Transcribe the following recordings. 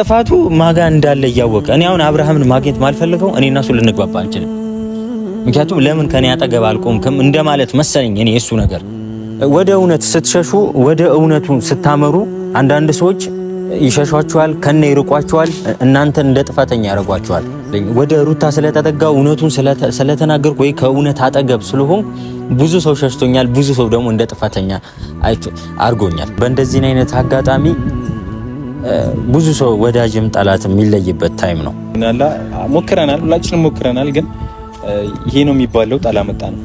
ጥፋቱ ማጋ እንዳለ እያወቀ እኔ አሁን አብርሃምን ማግኘት ማልፈልገው እኔ እና እሱ ልንግባባ አንችልም። ምክንያቱም ለምን ከኔ አጠገብ አልቆምክም እንደማለት መሰለኝ። እኔ እሱ ነገር ወደ እውነት ስትሸሹ፣ ወደ እውነቱ ስታመሩ አንዳንድ ሰዎች ይሸሿችኋል፣ ከነ ይርቋችኋል፣ እናንተን እንደ ጥፋተኛ ያደርጓችኋል። ወደ ሩታ ስለተጠጋ እውነቱን ስለተናገርኩ ወይ ከእውነት አጠገብ ስለሆን ብዙ ሰው ሸሽቶኛል፣ ብዙ ሰው ደግሞ እንደ ጥፋተኛ አርጎኛል። በእንደዚህን አይነት አጋጣሚ ብዙ ሰው ወዳጅም ጠላት የሚለይበት ታይም ነው። ናላ ሞክረናል፣ ሁላችንም ሞክረናል። ግን ይሄ ነው የሚባለው ጣላ መጣ ነው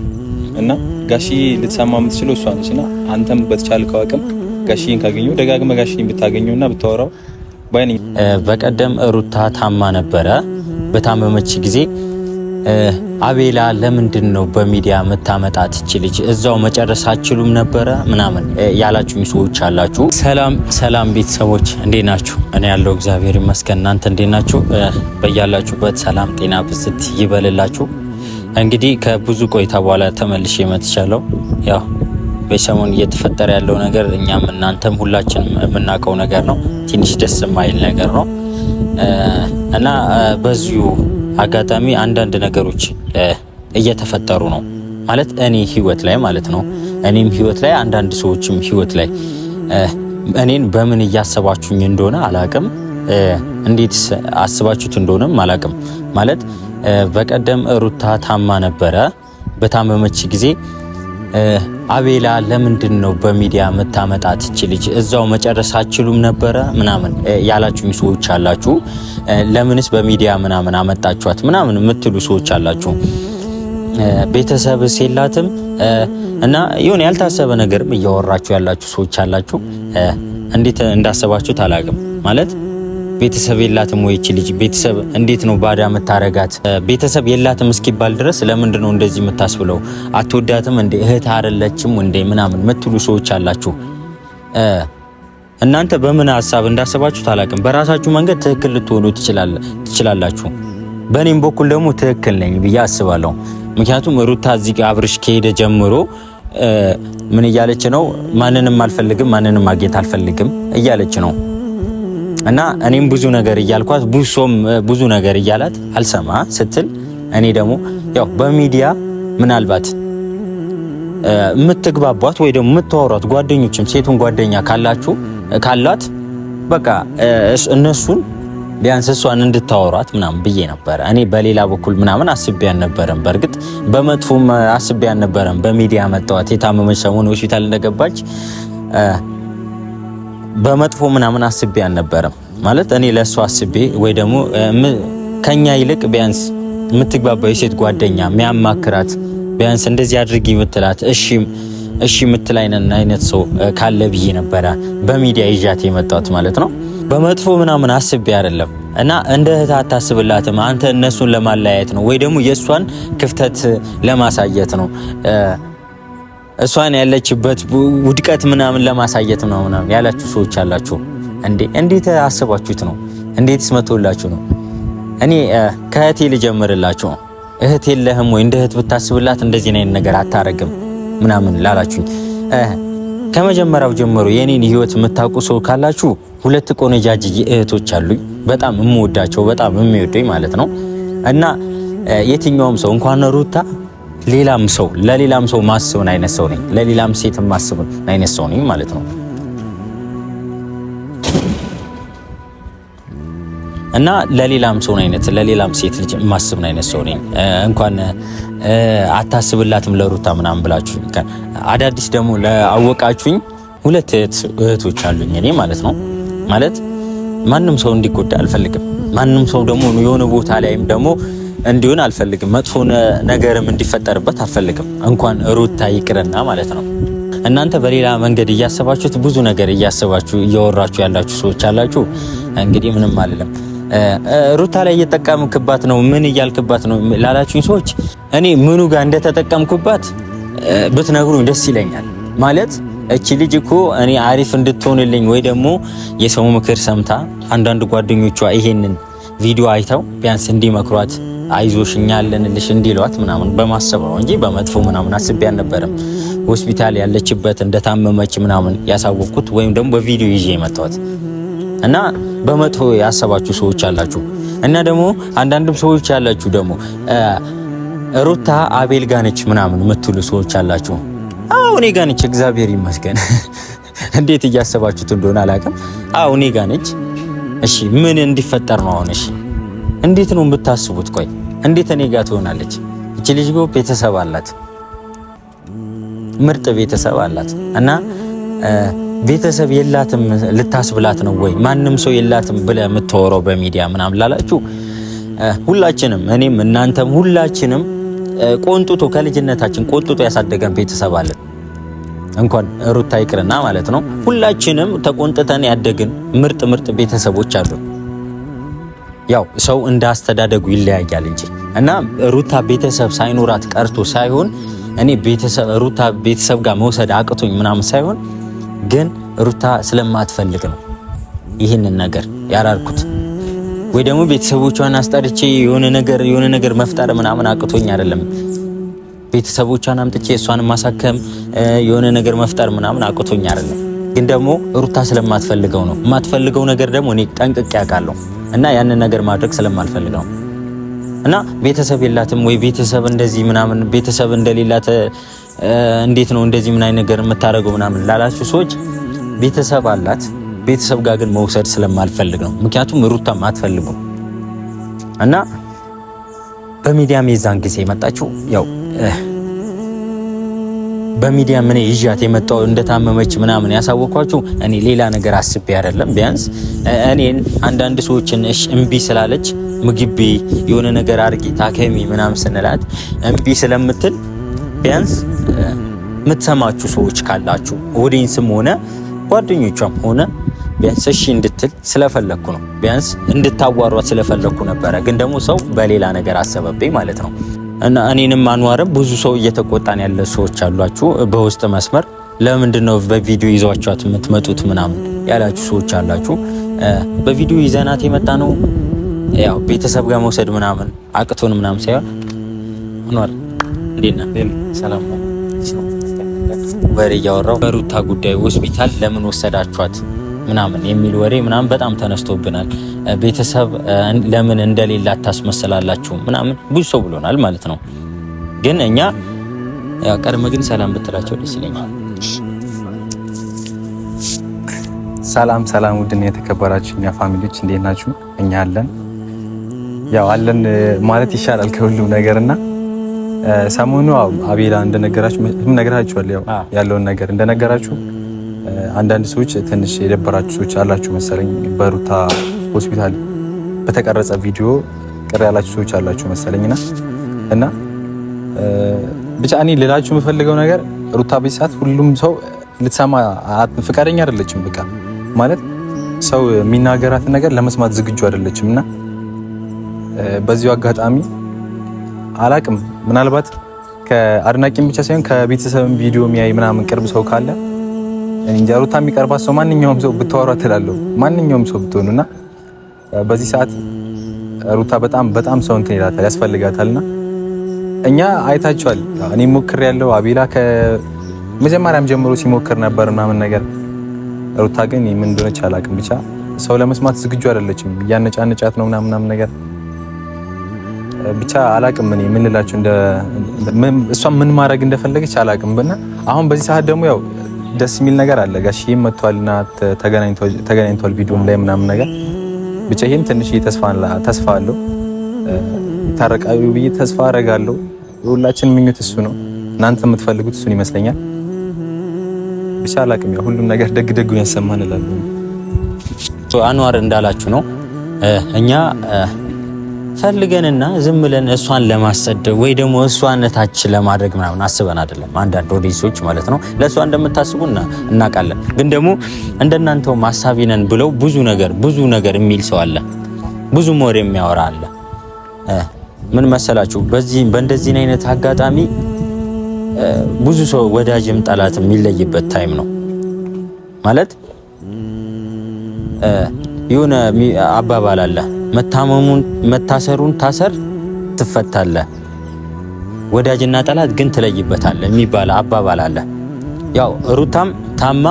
እና ጋሺ ልትሰማ የምትችለው እሷ ነች። እና አንተም በተቻልከው አቅም ጋሺን ካገኘው ደጋግመ ጋሺን ብታገኘው እና ብታወራው። በቀደም ሩታ ታማ ነበረ። በታመመች ጊዜ አቤላ ለምንድን ነው በሚዲያ መታመጣ እች ልጅ እዛው መጨረስ አችሉም ነበረ ምናምን ያላችሁኝ ሰዎች አላችሁ። ሰላም ሰላም ቤተሰቦች እንዴት ናችሁ? እኔ ያለው እግዚአብሔር ይመስገን። እናንተ እንዴት ናችሁ? በያላችሁበት ሰላም ጤና ብዝት ይበልላችሁ። እንግዲህ ከብዙ ቆይታ በኋላ ተመልሼ መጥቻለሁ። ያው በሰሞን እየተፈጠረ ያለው ነገር እኛም እናንተም ሁላችን የምናውቀው ነገር ነው። ትንሽ ደስ የማይል ነገር ነው እና በዚሁ አጋጣሚ አንዳንድ ነገሮች እየተፈጠሩ ነው ማለት እኔ ህይወት ላይ ማለት ነው። እኔም ህይወት ላይ አንዳንድ ሰዎችም ህይወት ላይ እኔን በምን እያሰባችሁኝ እንደሆነ አላቅም፣ እንዴት አስባችሁት እንደሆነም አላቅም። ማለት በቀደም ሩታ ታማ ነበረ። በታመመች ጊዜ አቤላ ለምንድን ነው በሚዲያ መታመጣት እች ልጅ እዛው መጨረስ አችሉም ነበረ ምናምን ያላችሁ ሰዎች አላችሁ። ለምንስ በሚዲያ ምናምን አመጣችኋት ምናምን የምትሉ ሰዎች አላችሁ። ቤተሰብስ የላትም እና የሆነ ያልታሰበ ነገርም እያወራችሁ ያላችሁ ሰዎች አላችሁ። እንዴት እንዳሰባችሁት አላቅም ማለት ቤተሰብ የላትም ወይ ይቺ ልጅ? ቤተሰብ እንዴት ነው ባዳ የምታረጋት? ቤተሰብ የላትም እስኪባል ድረስ ለምንድን ነው እንደዚህ የምታስብለው? አትወዳትም እንዴ? እህት አይደለችም እንዴ? ምናምን የምትሉ ሰዎች አላችሁ። እናንተ በምን ሀሳብ እንዳሰባችሁ አላቅም። በራሳችሁ መንገድ ትክክል ልትሆኑ ትችላላችሁ። በእኔም በኩል ደግሞ ትክክል ነኝ ብዬ አስባለሁ። ምክንያቱም ሩታ እዚህ አብርሽ ከሄደ ጀምሮ ምን እያለች ነው? ማንንም አልፈልግም፣ ማንንም ማግኘት አልፈልግም እያለች ነው። እና እኔም ብዙ ነገር እያልኳት ብሶም ብዙ ነገር እያላት አልሰማ ስትል እኔ ደግሞ ያው በሚዲያ ምናልባት የምትግባቧት ወይ ደግሞ የምታወሯት ጓደኞችም ሴቱን ጓደኛ ካላችሁ ካላት በቃ እነሱን ቢያንስ እሷን እንድታወሯት ምናምን ብዬ ነበረ። እኔ በሌላ በኩል ምናምን አስቤ አልነበረም። በእርግጥ በመጥፎም አስቤ አልነበረም። በሚዲያ መጣዋት የታመመች ሰሞን ሆስፒታል እንደገባች በመጥፎ ምናምን አስቤ አልነበረም። ማለት እኔ ለእሱ አስቤ ወይ ደግሞ ከኛ ይልቅ ቢያንስ የምትግባባው የሴት ጓደኛ የሚያማክራት ቢያንስ እንደዚህ አድርጊ ምትላት እሺም እሺ የምትል አይነት ሰው ካለ ብዬ ነበረ በሚዲያ ይዣት የመጣት ማለት ነው። በመጥፎ ምናምን አስቤ አይደለም እና እንደ እህት አታስብላትም አንተ እነሱን ለማለያየት ነው ወይ ደግሞ የእሷን ክፍተት ለማሳየት ነው እሷን ያለችበት ውድቀት ምናምን ለማሳየት ነው ምናምን ያላችሁ ሰዎች አላችሁ እንዴ? እንዴት አስባችሁት ነው? እንዴትስ መቶላችሁ ነው? እኔ ከእህቴ ልጀምርላችሁ። እህት የለህም ወይ? እንደ እህት ብታስብላት እንደዚህ አይነት ነገር አታረግም ምናምን ላላችሁኝ ከመጀመሪያው ጀምሮ የኔን ህይወት የምታውቁ ሰው ካላችሁ ሁለት ቆነጃጅ እህቶች አሉኝ። በጣም የምወዳቸው በጣም የሚወደኝ ማለት ነው እና የትኛውም ሰው እንኳን ሩታ ሌላም ሰው ለሌላም ሰው ማስብን አይነት ሰው ነኝ። ለሌላም ሴት ማስብን አይነት ሰው ነኝ ማለት ነው። እና ለሌላም ሰው አይነት ለሌላም ሴት ልጅ ማስብን አይነት ሰው ነኝ። እንኳን አታስብላትም ለሩታ ምናምን ብላችሁ አዳዲስ ደግሞ ለአወቃችሁኝ ሁለት እህቶች አሉኝ እኔ ማለት ነው። ማለት ማንም ሰው እንዲጎዳ አልፈልግም። ማንም ሰው ደግሞ የሆነ ቦታ ላይም ደግሞ እንዲሆን አልፈልግም። መጥፎ ነገርም እንዲፈጠርበት አልፈልግም። እንኳን ሩታ ይቅርና ማለት ነው። እናንተ በሌላ መንገድ እያሰባችሁት ብዙ ነገር እያሰባችሁ እያወራችሁ ያላችሁ ሰዎች አላችሁ። እንግዲህ ምንም አልልም። ሩታ ላይ እየጠቀምክባት ነው፣ ምን እያልክባት ነው ላላችሁኝ ሰዎች እኔ ምኑ ጋር እንደተጠቀምኩባት ብትነግሩኝ ደስ ይለኛል። ማለት እቺ ልጅ እኮ እኔ አሪፍ እንድትሆንልኝ ወይ ደግሞ የሰው ምክር ሰምታ አንዳንድ ጓደኞቿ ይሄንን ቪዲዮ አይተው ቢያንስ እንዲመክሯት አይዞሽ እኛ አለንልሽ እንዲሏት ምናምን በማሰብ ነው እንጂ በመጥፎ ምናምን አስቤ አልነበረም። ሆስፒታል ያለችበት እንደታመመች ምናምን ያሳወቅኩት ወይም ደግሞ በቪዲዮ ይዤ የመጣሁት እና በመጥፎ ያሰባችሁ ሰዎች አላችሁ እና ደግሞ አንዳንድም ሰዎች ያላችሁ ደግሞ ሩታ አቤል ጋነች ምናምን የምትሉ ሰዎች አላችሁ። አዎ እኔ ጋነች፣ እግዚአብሔር ይመስገን። እንዴት እያሰባችሁት እንደሆነ አላውቅም። አዎ እኔ ጋነች። እሺ ምን እንዲፈጠር ነው አሁን? እሺ እንዴት ነው የምታስቡት? ቆይ እንዴት እኔ ጋር ትሆናለች? እቺ ልጅ ቤተሰብ አላት፣ ምርጥ ቤተሰብ አላት። እና ቤተሰብ የላትም ልታስብላት ነው ወይ ማንም ሰው የላትም ብለህ የምታወራው በሚዲያ ምናምን ላላችሁ ሁላችንም እኔም እናንተም ሁላችንም ቆንጥቶ ከልጅነታችን ቆንጥቶ ያሳደገን ቤተሰብ አለን። እንኳን ሩታ ይቅርና ማለት ነው ሁላችንም ተቆንጥተን ያደግን ምርጥ ምርጥ ቤተሰቦች አሉ። ያው ሰው እንዳስተዳደጉ ይለያያል እንጂ እና ሩታ ቤተሰብ ሳይኖራት ቀርቶ ሳይሆን እኔ ቤተሰብ ሩታ ቤተሰብ ጋር መውሰድ አቅቶኝ ምናምን ሳይሆን ግን ሩታ ስለማትፈልግ ነው ይህንን ነገር ያላልኩት። ወይ ደግሞ ቤተሰቦቿን አስጠርቼ የሆነ ነገር የሆነ ነገር መፍጠር ምናምን አቅቶኝ አይደለም። ቤተሰቦቿን አምጥቼ እሷን ማሳከም የሆነ ነገር መፍጠር ምናምን አቅቶኝ አይደለም። ግን ደግሞ ሩታ ስለማትፈልገው ነው። የማትፈልገው ነገር ደግሞ እኔ ጠንቅቄ ያውቃለሁ እና ያንን ነገር ማድረግ ስለማልፈልገው እና ቤተሰብ የላትም ወይ ቤተሰብ እንደዚህ ምናምን ቤተሰብ እንደሌላት እንዴት ነው እንደዚህ ምን አይነት ነገር የምታደርገው ምናምን ላላችሁ ሰዎች ቤተሰብ አላት። ቤተሰብ ጋር ግን መውሰድ ስለማልፈልግ ነው። ምክንያቱም ሩታ አትፈልገው እና በሚዲያም የዛን ጊዜ የመጣችው ያው በሚዲያ ምን ይዣት የመጣው እንደታመመች ምናምን ያሳወቅኳችሁ እኔ ሌላ ነገር አስቤ አይደለም። ቢያንስ እኔን አንዳንድ ሰዎችን እምቢ ስላለች ምግቢ የሆነ ነገር አርጊ ታከሚ ምናምን ስንላት እምቢ ስለምትል ቢያንስ የምትሰማችሁ ሰዎች ካላችሁ ስም ሆነ ጓደኞቿም ሆነ ቢያንስ እሺ እንድትል ስለፈለግኩ ነው። ቢያንስ እንድታዋሯት ስለፈለግኩ ነበረ። ግን ደግሞ ሰው በሌላ ነገር አሰበብኝ ማለት ነው። እና እኔንም አንዋርም ብዙ ሰው እየተቆጣን ያለ ሰዎች አሏችሁ። በውስጥ መስመር ለምንድን ነው በቪዲዮ ይዟቸዋት የምትመጡት ምናምን ያላችሁ ሰዎች አላችሁ። በቪዲዮ ይዘናት የመጣ ነው ያው ቤተሰብ ጋር መውሰድ ምናምን አቅቶን ምናምን ሳይሆን አንዋር እንዴና ሰላም ነው። ወሬ እያወራው በሩታ ጉዳይ ሆስፒታል ለምን ወሰዳችኋት? ምናምን የሚል ወሬ ምናምን በጣም ተነስቶብናል። ቤተሰብ ለምን እንደሌለ አታስመስላላችሁ ምናምን ብዙ ሰው ብሎናል ማለት ነው። ግን እኛ ቀድመ ግን ሰላም ብትላቸው ደስ ይለኛል። ሰላም ሰላም፣ ውድን የተከበራችሁ እኛ ፋሚሊዎች እንዴት ናችሁ? እኛ አለን ያው አለን ማለት ይሻላል ከሁሉም ነገርና ሰሞኑ አቤላ እንደነገራችሁ ያለውን ነገር እንደነገራችሁ አንዳንድ ሰዎች ትንሽ የደበራችሁ ሰዎች አላችሁ መሰለኝ። በሩታ ሆስፒታል በተቀረጸ ቪዲዮ ቅር ያላችሁ ሰዎች አላችሁ መሰለኝና እና ብቻ እኔ ልላችሁ የምፈልገው ነገር ሩታ ቤት ሰዓት ሁሉም ሰው ልትሰማ ፍቃደኛ አይደለችም። በቃ ማለት ሰው የሚናገራትን ነገር ለመስማት ዝግጁ አይደለችም እና በዚሁ አጋጣሚ አላቅም ምናልባት ከአድናቂም ብቻ ሳይሆን ከቤተሰብም ቪዲዮ የሚያይ ምናምን ቅርብ ሰው ካለ ሩታ የሚቀርባት ሰው ማንኛውም ሰው ብታወራ ትላለሁ። ማንኛውም ሰው ብትሆኑና በዚህ ሰዓት ሩታ በጣም በጣም ሰው እንትን ይላታል ያስፈልጋታልና እኛ አይታችኋል። እኔ ሞክር ያለው አቤላ ከመጀመሪያም ጀምሮ ሲሞክር ነበር ምናምን ነገር። ሩታ ግን ምን እንደሆነች አላውቅም፣ ብቻ ሰው ለመስማት ዝግጁ አይደለችም። እያነጫነጫት ነው ምናምን ነገር ብቻ አላቅም። እኔ ምን ልላችሁ እሷ ምን ማድረግ እንደፈለገች አላቅም። ብና አሁን በዚህ ሰዓት ደግሞ ያው ደስ የሚል ነገር አለ። ጋሽዬም መጥቷልና ተገናኝቷል ቪዲዮም ላይ ምናምን ነገር ብቻ ይሄም ትንሽ ተስፋ አለው ታረቃዩ ብዬ ተስፋ አረጋለሁ። ሁላችን ምኞት እሱ ነው። እናንተ የምትፈልጉት እሱን ይመስለኛል። ብቻ አላቅም። ሁሉም ነገር ደግ ደግ ያሰማን እላለሁ። አንዋር እንዳላችሁ ነው እኛ ፈልገንና ዝም ብለን እሷን ለማሰደብ ወይ ደግሞ እሷን ታች ለማድረግ ምናምን አስበን አይደለም። አንዳንድ ወዲሶች ማለት ነው ለእሷ እንደምታስቡ እናውቃለን። ግን ደግሞ እንደናንተው ማሳቢ ነን ብለው ብዙ ነገር ብዙ ነገር የሚል ሰው አለ፣ ብዙ ወሬ የሚያወራ አለ። ምን መሰላችሁ፣ በዚህ በእንደዚህ አይነት አጋጣሚ ብዙ ሰው ወዳጅም ጠላት የሚለይበት ታይም ነው ማለት የሆነ አባባል አለ መታመሙን መታሰሩን ታሰር ትፈታለ፣ ወዳጅና ጠላት ግን ትለይበታል የሚባል አባባል አለ። ያው ሩታም ታማ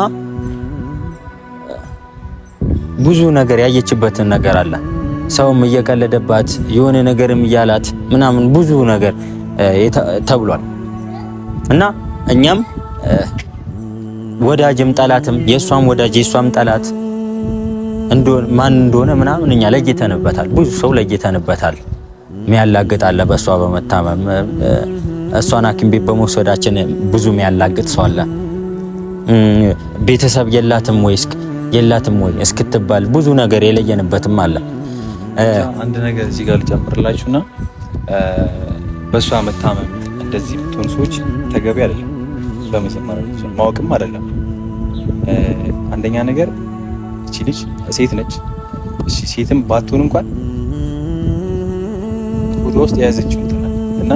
ብዙ ነገር ያየችበትን ነገር አለ። ሰውም እየቀለደባት የሆነ ነገርም እያላት ምናምን ብዙ ነገር ተብሏል። እና እኛም ወዳጅም ጠላትም የእሷም ወዳጅ የእሷም ጠላት ማን እንደሆነ ምናምን እኛ ለይተንበታል። ብዙ ሰው ለይተንበታል። ሚያላግጥ አለ በእሷ በመታመም እሷን ሐኪም ቤት በመውሰዳችን ብዙ ሚያላግጥ ሰው አለ። ቤተሰብ የላትም ወይ የላትም ወይ እስክትባል ብዙ ነገር የለየንበትም አለ። አንድ ነገር እዚህ ጋር ልጨምርላችሁና በእሷ መታመም እንደዚህ ብትሆን ሰዎች ተገቢ አይደለም። በመጀመሪያ ማወቅም አይደለም አንደኛ ነገር እቺ ልጅ ሴት ነች። እሺ ሴትም ባትሆን እንኳን ወደ ውስጥ የያዘችው እና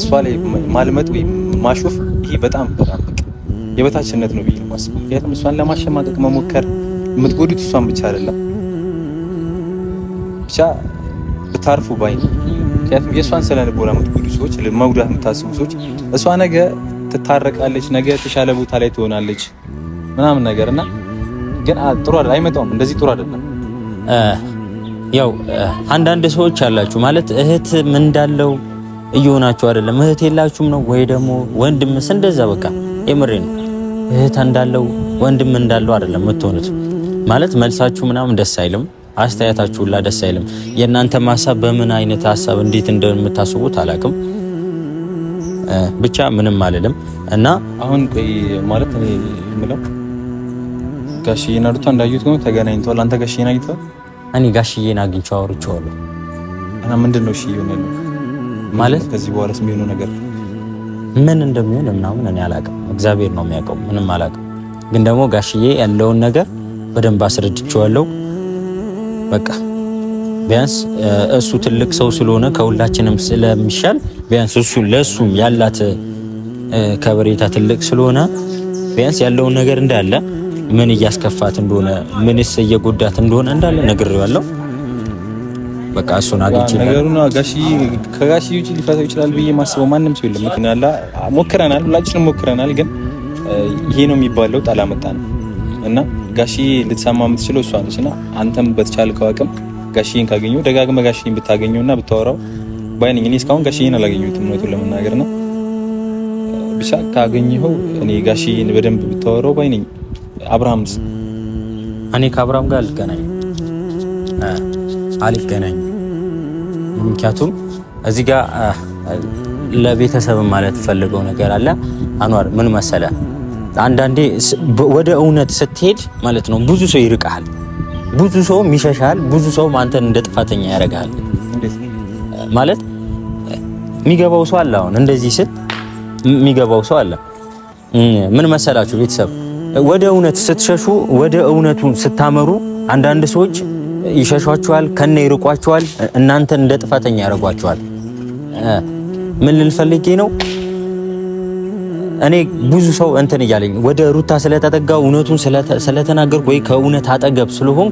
እሷ ላይ ማልመጥ ወይም ማሾፍ ይሄ በጣም በጣም የበታችነት ነው ብዬ ማስበው። ምክንያቱም እሷን ለማሸማቀቅ መሞከር የምትጎዱት እሷን ብቻ አይደለም ብቻ ብታርፉ ባይ ነው። ምክንያቱም የእሷን ስነ ልቦና የምትጎዱ ሰዎች፣ መጉዳት የምታስቡ ሰዎች እሷ ነገ ትታረቃለች፣ ነገ የተሻለ ቦታ ላይ ትሆናለች ምናምን ነገር እና ግን ጥሩ አይመጣውም። እንደዚህ ጥሩ አይደለም። ያው አንዳንድ ሰዎች አላችሁ ማለት እህት ምን እንዳለው እየሆናችሁ አይደለም። እህት የላችሁም ነው ወይ ደግሞ ወንድምስ እንደዛ በቃ የምሬ ነው። እህት እንዳለው ወንድም እንዳለው አይደለም የምትሆኑት ማለት መልሳችሁ ምናምን ደስ አይልም። አስተያየታችሁ ሁላ ደስ አይልም። የእናንተ ሀሳብ በምን አይነት ሀሳብ እንዴት እንደምታስቡት አላቅም። ብቻ ምንም አልልም እና አሁን ማለት ጋሽዬና ሩታ እንዳዩት ከሆነ ተገናኝተዋል። አንተ ጋሽዬን አግኝተዋል? እኔ ጋሽዬን አግኝቼው አውርቼዋለሁ። እና ምንድን ነው እሺ እየሆነ ማለት ከዚህ በኋላ የሚሆነው ነገር ምን እንደሚሆን ምናምን እኔ አላውቅም። እግዚአብሔር ነው የሚያውቀው። ምንም አላውቅም። ግን ደግሞ ጋሽዬ ያለውን ነገር በደንብ አስረድቼዋለሁ። በቃ ቢያንስ እሱ ትልቅ ሰው ስለሆነ ከሁላችንም ስለሚሻል ቢያንስ እሱ ለእሱ ያላት ከበሬታ ትልቅ ስለሆነ ቢያንስ ያለውን ነገር እንዳለ ምን እያስከፋት እንደሆነ ምንስ እየጎዳት እንደሆነ እንዳለ ነግሬዋለሁ። በቃ እሱን አግኝቼ ነገሩን ከጋሺ ውጭ ሊፈታው ይችላል ብዬ ማስበው ማንም ሰው የለም። ምክንያላ ሞክረናል፣ ሁላችንም ሞክረናል። ግን ይሄ ነው የሚባለው ጣል አመጣ ነው እና ጋሺ ልትሰማ የምትችለው እሷ ነች። እና አንተም በተቻልከው አቅም ጋሺን ካገኘው ደጋግመ ጋሺን ብታገኘው እና ብታወራው ባይነኝ። እኔ እስካሁን ጋሽን አላገኘሁትም እውነቱን ለመናገር ነው። ብቻ ካገኘኸው እኔ ጋሺን በደንብ ብታወራው ባይነኝ አብርሃም እኔ ከአብርሃም ጋር አልገናኝም አልገናኝም። ምክንያቱም እዚህ ጋር ለቤተሰብ ማለት ፈልገው ነገር አለ አኗር ምን መሰለ፣ አንዳንዴ ወደ እውነት ስትሄድ ማለት ነው ብዙ ሰው ይርቃል? ብዙ ሰው ይሸሻል፣ ብዙ ሰው አንተን እንደ ጥፋተኛ ያደርግሃል። ማለት የሚገባው ሰው አለ። አሁን እንደዚህ ስል የሚገባው ሰው አለ። ምን መሰላችሁ ቤተሰብ ወደ እውነት ስትሸሹ፣ ወደ እውነቱ ስታመሩ አንዳንድ ሰዎች ይሸሿቸዋል፣ ከነ ይርቋቸዋል፣ እናንተ እንደ ጥፋተኛ ያደርጓቸዋል። ምን ልል ነው? እኔ ብዙ ሰው እንትን እያለኝ ወደ ሩታ ስለተጠጋ እውነቱን ስለተናገርኩ ወይ ከእውነት አጠገብ ስለሆን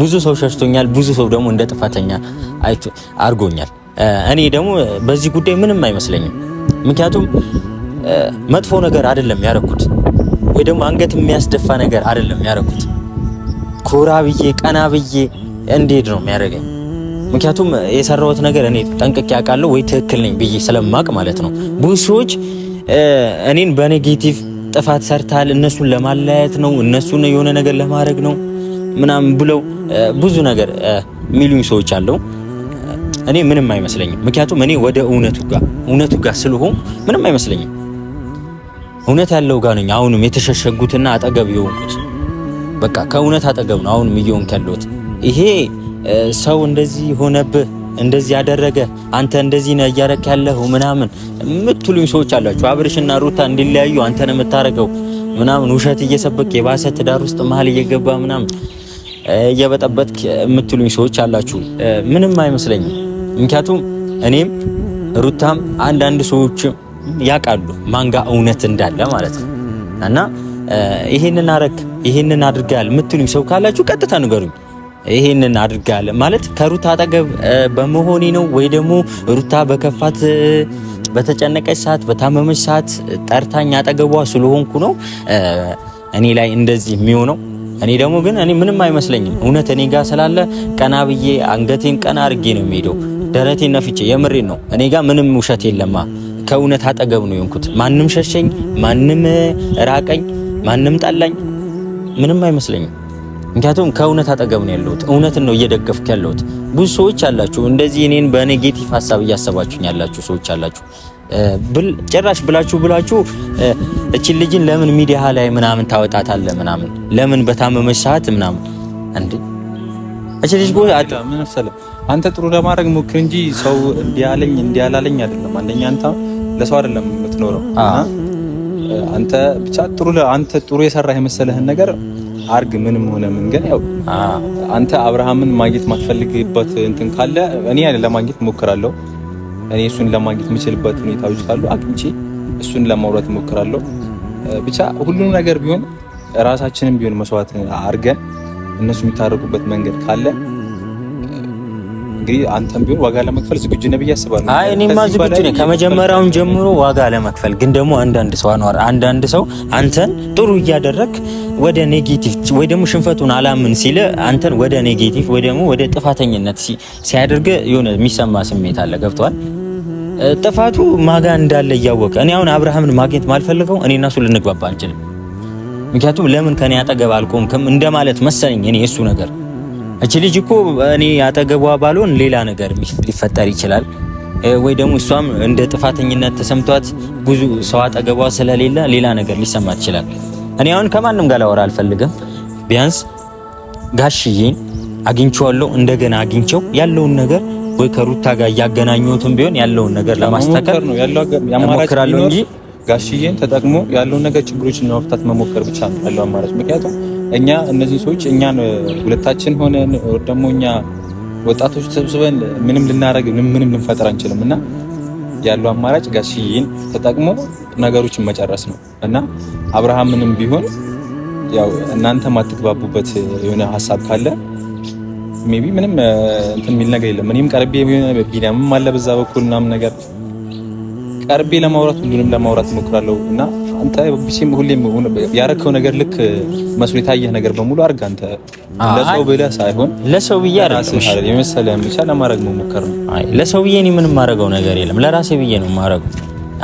ብዙ ሰው ሸሽቶኛል። ብዙ ሰው ደግሞ እንደ ጥፋተኛ አድርጎኛል። እኔ ደግሞ በዚህ ጉዳይ ምንም አይመስለኝም። ምክንያቱም መጥፎ ነገር አይደለም ያደረኩት ወይ ደግሞ አንገት የሚያስደፋ ነገር አይደለም ያደረኩት። ኮራ ብዬ ቀና ብዬ እንዴት ነው የሚያደርገኝ? ምክንያቱም የሰራሁት ነገር እኔ ጠንቅቄ አውቃለሁ ወይ ትክክል ነኝ ብዬ ስለማቅ ማለት ነው። ብዙ ሰዎች እኔን በኔጌቲቭ ጥፋት ሰርታል፣ እነሱን ለማለያየት ነው፣ እነሱን የሆነ ነገር ለማድረግ ነው ምናምን ብለው ብዙ ነገር ሚሊዮን ሰዎች አለው። እኔ ምንም አይመስለኝም። ምክንያቱም እኔ ወደ እውነቱ ጋር እውነቱ ጋር ስለሆን ምንም አይመስለኝም። እውነት ያለው ጋር ነኝ። አሁንም የተሸሸጉትና አጠገብ የሆንኩት በቃ ከእውነት አጠገብ ነው አሁንም እየሆንክ ያለሁት። ይሄ ሰው እንደዚህ ሆነብህ እንደዚህ ያደረገ አንተ እንደዚህ ነህ እያረክ ያለው ምናምን የምትሉኝ ሰዎች አላችሁ። አብርሽና ሩታ እንዲለያዩ አንተን ነው የምታረገው ምናምን ውሸት እየሰበክ የባሰ ትዳር ውስጥ መሀል እየገባ ምናምን እየበጠበጥክ የምትሉኝ ሰዎች አላችሁ። ምንም አይመስለኝም። ምክንያቱም እኔም ሩታም አንዳንድ ሰዎች ያውቃሉ ማንጋ እውነት እንዳለ ማለት ነው። እና ይሄንን አረክ ይሄንን አድርጋል የምትሉኝ ሰው ካላችሁ ቀጥታ ንገሩኝ። ይሄንን አድርጋል ማለት ከሩታ አጠገብ በመሆኔ ነው ወይ ደግሞ ሩታ በከፋት በተጨነቀች ሰዓት በታመመች ሰዓት ጠርታኝ አጠገቧ ስለሆንኩ ነው እኔ ላይ እንደዚህ የሚሆነው። እኔ ደግሞ ግን እኔ ምንም አይመስለኝም። እውነት እኔ ጋር ስላለ ቀና ብዬ አንገቴን ቀና አድርጌ ነው የሚሄደው፣ ደረቴን ነፍቼ የምሬን ነው። እኔ ጋር ምንም ውሸት የለማ ከእውነት አጠገብ ነው የሆንኩት። ማንም ሸሸኝ፣ ማንም ራቀኝ፣ ማንም ጠላኝ ምንም አይመስለኝም። ምክንያቱም ከእውነት አጠገብ ነው ያለሁት። እውነትን ነው እየደገፍኩ ያለሁት። ብዙ ሰዎች አላችሁ እንደዚህ እኔን በኔጌቲቭ ሀሳብ እያሰባችሁኝ ያላችሁ ሰዎች አላችሁ። ጭራሽ ብላችሁ ብላችሁ እችን ልጅን ለምን ሚዲያ ላይ ምናምን ታወጣታለ ምናምን ለምን በታመመች ሰዓት ምናምን እንዴ እች ልጅ አንተ ጥሩ ለማድረግ ሞክር እንጂ ሰው እንዲያለኝ እንዲያላለኝ አይደለም አንደኛ አንተ ለሰው አይደለም የምትኖረው አንተ ብቻ ጥሩ አንተ ጥሩ የሰራህ የመሰለህን ነገር አርግ። ምንም ሆነ ምን ግን ያው አንተ አብርሃምን ማግኘት ማትፈልግበት እንትን ካለ እኔ ያለ ለማግኘት እሞክራለሁ። እኔ እሱን ለማግኘት የምችልበት ሁኔታዎች ካሉ አግኝቼ እሱን ለማውራት እሞክራለሁ። ብቻ ሁሉም ነገር ቢሆን ራሳችንን ቢሆን መስዋዕት አርገን እነሱ የሚታረቁበት መንገድ ካለ እንግዲህ አንተም ቢሆን ዋጋ ለመክፈል ዝግጁ ነህ ብዬ አስባለሁ። አይ እኔማ ዝግጁ ነኝ ከመጀመሪያውን ጀምሮ ዋጋ ለመክፈል። ግን ደግሞ አንዳንድ ሰው አኗር፣ አንዳንድ ሰው አንተን ጥሩ እያደረግ ወደ ኔጌቲቭ ወይ ደግሞ ሽንፈቱን አላምን ሲል አንተን ወደ ኔጌቲቭ ወይ ደግሞ ወደ ጥፋተኝነት ሲያደርግ የሆነ የሚሰማ ስሜት አለ። ገብቷል? ጥፋቱ ማጋ እንዳለ እያወቀ እኔ አሁን አብርሃምን ማግኘት ማልፈልገው እኔ እና እሱ ልንግባባ አንችልም። ምክንያቱም ለምን ከኔ አጠገብ አልቆምክም እንደማለት መሰለኝ እኔ የሱ ነገር እች ልጅ እኮ እኔ አጠገቧ ባልሆን ሌላ ነገር ሊፈጠር ይችላል ወይ ደግሞ እሷም እንደ ጥፋተኝነት ተሰምቷት ብዙ ሰው አጠገቧ ስለሌለ ሌላ ነገር ሊሰማት ይችላል። እኔ አሁን ከማንም ጋር ላወራ አልፈልግም። ቢያንስ ጋሽዬን አግኝቼዋለሁ። እንደገና አግኝቼው ያለውን ነገር ወይ ከሩታ ጋር እያገናኘሁትም ቢሆን ያለውን ነገር ለማስተካከል እሞክራለሁ እንጂ ጋሽዬን ተጠቅሞ ያለውን ነገር ችግሮችን ለመፍታት መሞከር ብቻ ነው ያለው አማራጭ ምክንያቱም እኛ እነዚህ ሰዎች እኛን ሁለታችን ሆነን ደግሞ እኛ ወጣቶች ተሰብስበን ምንም ልናረግ ምንም ልንፈጥር አንችልም እና ያለው አማራጭ ጋሽዬን ተጠቅሞ ነገሮችን መጨረስ ነው እና አብርሃምንም ቢሆን ያው እናንተ ማትግባቡበት የሆነ ሀሳብ ካለ ቢ ምንም እንትን የሚል ነገር የለም። እኔም ቀርቤ ቢኒያምም አለ በዛ በኩል ምናምን ነገር ቀርቤ ለማውራት ሁሉንም ለማውራት እሞክራለሁ እና አንተ ሲም ሁሌም ያረከው ነገር ልክ መስሎ የታየህ ነገር በሙሉ አድርግ። አንተ ለሰው ብለህ ሳይሆን ለሰው ብዬ አረጋሽ የመሰለ ብቻ ለማድረግ መሞከር ነው። አይ ለሰው ብዬ እኔ ምንም ማድረገው ነገር የለም ለራሴ ብዬ ነው ማድረገው።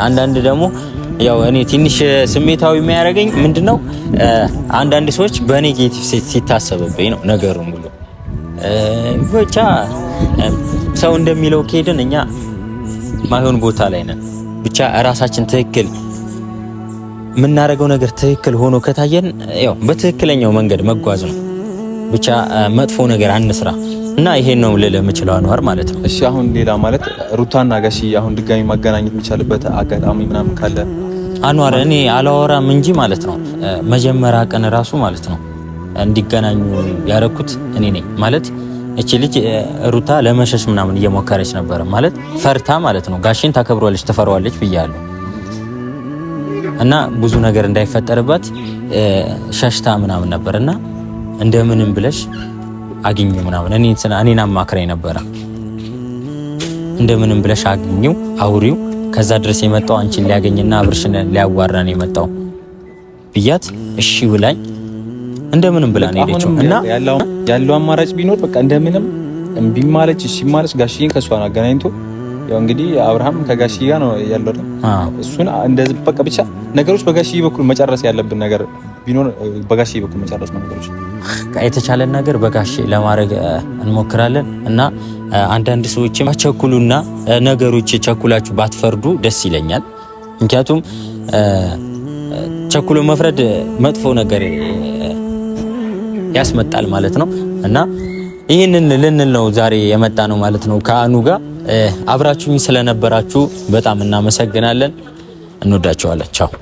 አንዳንድ ደግሞ ያው እኔ ትንሽ ስሜታዊ የሚያደርገኝ ምንድነው አንዳንድ ሰዎች በኔጌቲቭ ሲታሰብብኝ ነው ነገሩ ሙሉ ብቻ ሰው እንደሚለው ከሄድን እኛ ማይሆን ቦታ ላይ ነን። ብቻ ራሳችን ትክክል የምናደርገው ነገር ትክክል ሆኖ ከታየን ያው በትክክለኛው መንገድ መጓዝ ነው። ብቻ መጥፎ ነገር አንስራ እና ይሄን ነው ልል የምችለው አንዋር ማለት ነው። እሺ አሁን ሌላ ማለት ሩታና ጋሺ አሁን ድጋሚ ማገናኘት የሚቻልበት አጋጣሚ ምናምን ካለ አንዋር፣ እኔ አላወራም እንጂ ማለት ነው መጀመሪያ ቀን ራሱ ማለት ነው እንዲገናኙ ያደረኩት እኔ ነኝ ማለት እቺ ልጅ ሩታ ለመሸሽ ምናምን እየሞከረች ነበረ ማለት ፈርታ ማለት ነው። ጋሽን ታከብሯለች፣ ትፈራዋለች ብያለሁ እና ብዙ ነገር እንዳይፈጠርባት ሸሽታ ምናምን ነበር እና እንደምንም ብለሽ አግኘው ምናምን እኔን አማክራኝ ነበረ። እንደምንም ብለሽ አግኘው አውሪው፣ ከዛ ድረስ የመጣው አንቺን ሊያገኝና አብርሽን ሊያዋራን የመጣው ብያት እሺ ብላኝ እንደምንም ብላ ነው ሄደችው። እና ያለው አማራጭ ቢኖር በቃ እንደምንም እምቢ ማለች እሺ ማለች ጋሽዬን ከእሷን አገናኝቶ ያው እንግዲህ አብርሃም ከጋሺ ጋር ነው ያለው። እሱን እንደዚህ በቃ ብቻ ነገሮች በጋሺ በኩል መጨረስ ያለብን ነገር ቢኖር በጋሽዬ በኩል መጨረስ ነው። ነገሮች የተቻለን ነገር በጋሺ ለማድረግ እንሞክራለን እና አንዳንድ ሰዎች ቸኩሉና ነገሮች ቸኩላችሁ ባትፈርዱ ደስ ይለኛል። ምክንያቱም ቸኩሎ መፍረድ መጥፎ ነገር ያስመጣል ማለት ነው እና ይህንን ልንል ነው ዛሬ የመጣ ነው ማለት ነው ከአኑ ጋር አብራችሁኝ ስለነበራችሁ በጣም እናመሰግናለን። እንወዳችኋለን። ቻው